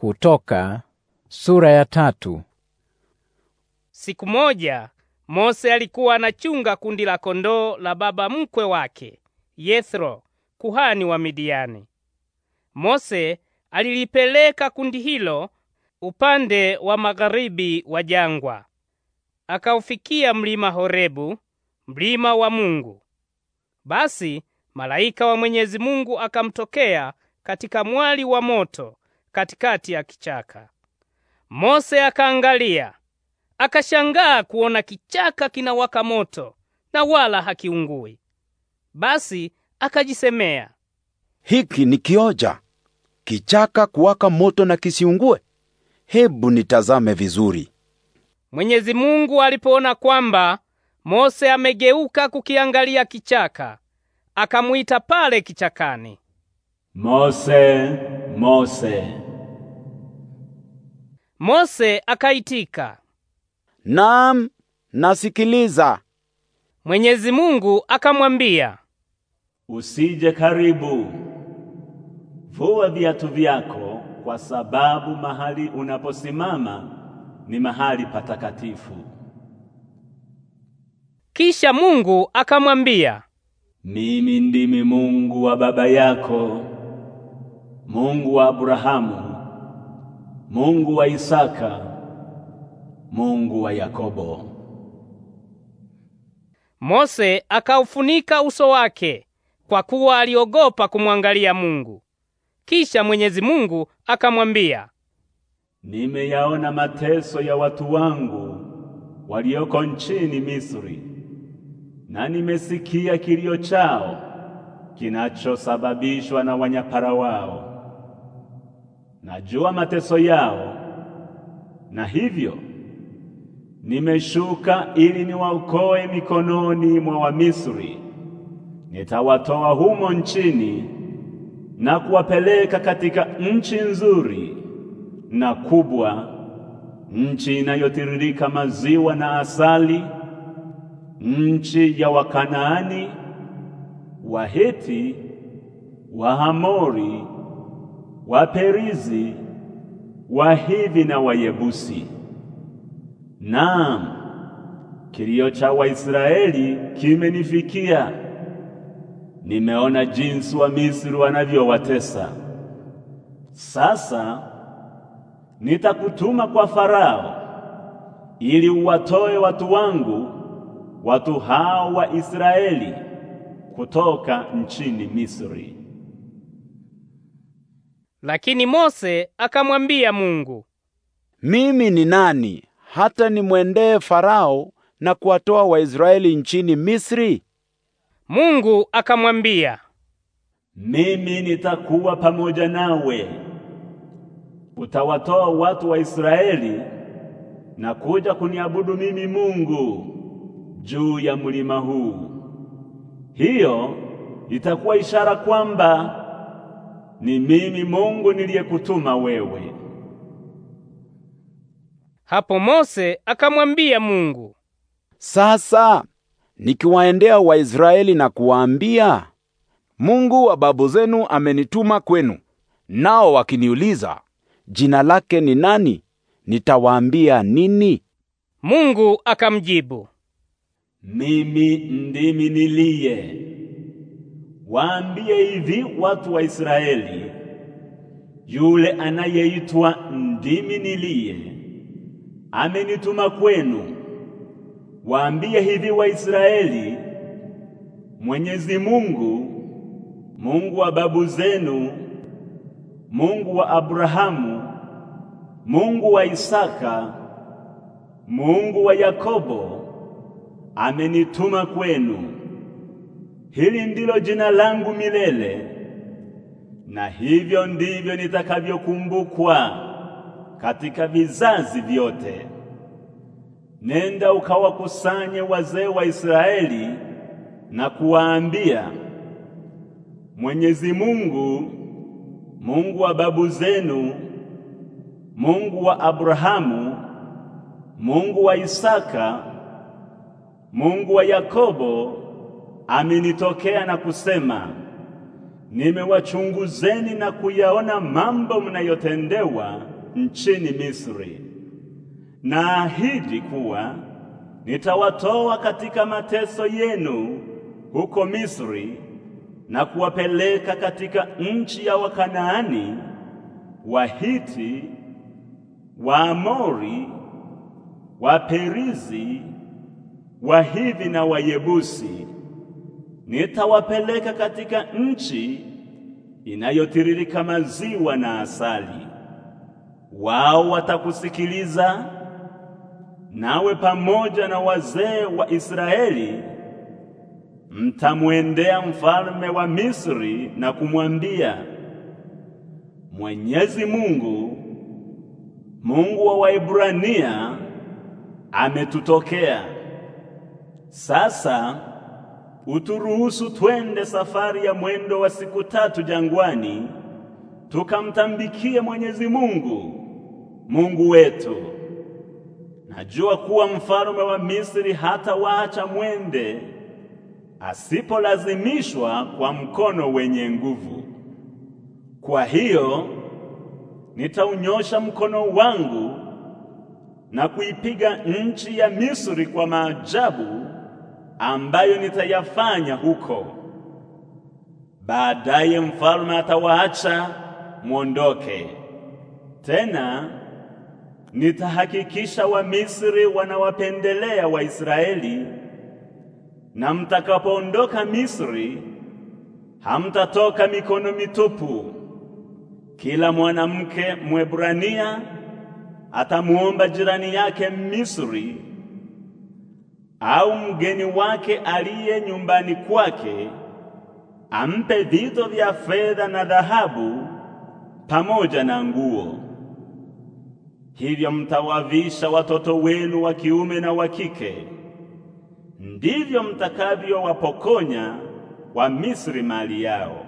Kutoka sura ya tatu. Siku moja Mose alikuwa anachunga kundi la kondoo la baba mkwe wake Yethro, kuhani wa Midiani. Mose alilipeleka kundi hilo upande wa magharibi wa jangwa, akaufikia mlima Horebu, mlima wa Mungu. Basi malaika wa Mwenyezi Mungu akamtokea katika mwali wa moto katikati ya kichaka. Mose akaangalia, akashangaa kuona kichaka kinawaka moto na wala hakiungui. Basi akajisemea, hiki ni kioja, kichaka kuwaka moto na kisiungue. Hebu nitazame vizuri. Mwenyezi Mungu alipoona kwamba Mose amegeuka kukiangalia kichaka, akamwita pale kichakani, Mose, Mose. Mose akaitika, Naam, nasikiliza. Mwenyezi Mungu akamwambia, usije karibu. Vua viatu vyako kwa sababu mahali unaposimama ni mahali patakatifu. Kisha Mungu akamwambia, Mimi ndimi Mungu wa baba yako, Mungu wa Abrahamu Mungu wa Isaka, Mungu wa Yakobo. Mose akaufunika uso wake kwa kuwa aliogopa kumwangalia Mungu. Kisha Mwenyezi Mungu akamwambia, nimeyaona mateso ya watu wangu walioko nchini Misri, na nimesikia kilio chao kinachosababishwa na wanyapara wao najua mateso yao, na hivyo nimeshuka ili niwaokoe mikononi mwa Wamisri. Nitawatoa humo nchini na kuwapeleka katika nchi nzuri na kubwa, nchi inayotiririka maziwa na asali, nchi ya Wakanaani, Waheti, Wahamori Waperizi, Wahivi na Wayebusi. Naam, kilio cha Waisraeli kimenifikia. Nimeona jinsi wa Misri wanavyowatesa. Sasa nitakutuma kwa Farao ili uwatoe watu wangu, watu hao wa Israeli kutoka nchini Misri. Lakini Mose akamwambia Mungu, mimi ni nani hata nimwendee Farao na kuwatoa Waisraeli nchini Misri? Mungu akamwambia, mimi nitakuwa pamoja nawe, utawatoa watu wa Israeli na kuja kuniabudu mimi Mungu juu ya mulima huu. Hiyo itakuwa ishara kwamba ni mimi Mungu niliyekutuma wewe. Hapo Mose akamwambia Mungu, sasa nikiwaendea Waisraeli na kuwaambia, Mungu wa babu zenu amenituma kwenu, nao wakiniuliza jina lake ni nani, nitawaambia nini? Mungu akamjibu, mimi ndimi niliye waambie hivi watu wa Israeli, yule anayeitwa ndimi niliye amenituma kwenu. Waambie hivi Waisraeli, Mwenyezi Mungu, Mungu wa babu zenu, Mungu wa Abrahamu, Mungu wa Isaka, Mungu wa Yakobo amenituma kwenu hili ndilo jina langu milele, na hivyo ndivyo nitakavyokumbukwa katika vizazi vyote. Nenda ukawakusanye wazee wa Israeli na kuwaambia, Mwenyezi Mungu, Mungu wa babu zenu, Mungu wa Abrahamu, Mungu wa Isaka, Mungu wa Yakobo Aminitokea na kusema, nimewachunguzeni na kuyaona mambo mnayotendewa nchini Misri. Naahidi kuwa nitawatoa katika mateso yenu huko Misri na kuwapeleka katika nchi ya Wakanaani, Wahiti, Waamori, Waperizi, Wahivi na Wayebusi nitawapeleka katika nchi inayotiririka maziwa na asali. Wao watakusikiliza, nawe pamoja na wazee wa Israeli mtamwendea mfalme wa Misri na kumwambia, Mwenyezi Mungu, Mungu wa Waebrania, ametutokea sasa uturuhusu twende safari ya mwendo wa siku tatu jangwani tukamtambikie Mwenyezi Mungu Mungu wetu. Najua kuwa mfalme wa Misri hata waacha mwende asipolazimishwa kwa mkono wenye nguvu. Kwa hiyo nitaunyosha mkono wangu na kuipiga nchi ya Misri kwa maajabu ambayo nitayafanya huko. Baadaye mfalme atawaacha mwondoke. Tena nitahakikisha Wamisri wanawapendelea Waisraeli, na mtakapoondoka Misri hamtatoka mikono mitupu. Kila mwanamke Mwebrania atamuomba jirani yake Misri au mgeni wake aliye nyumbani kwake ampe vito vya fedha na dhahabu pamoja na nguo. Hivyo mtawavisha watoto wenu wa kiume na wa kike, ndivyo mtakavyowapokonya wa Misri mali yao.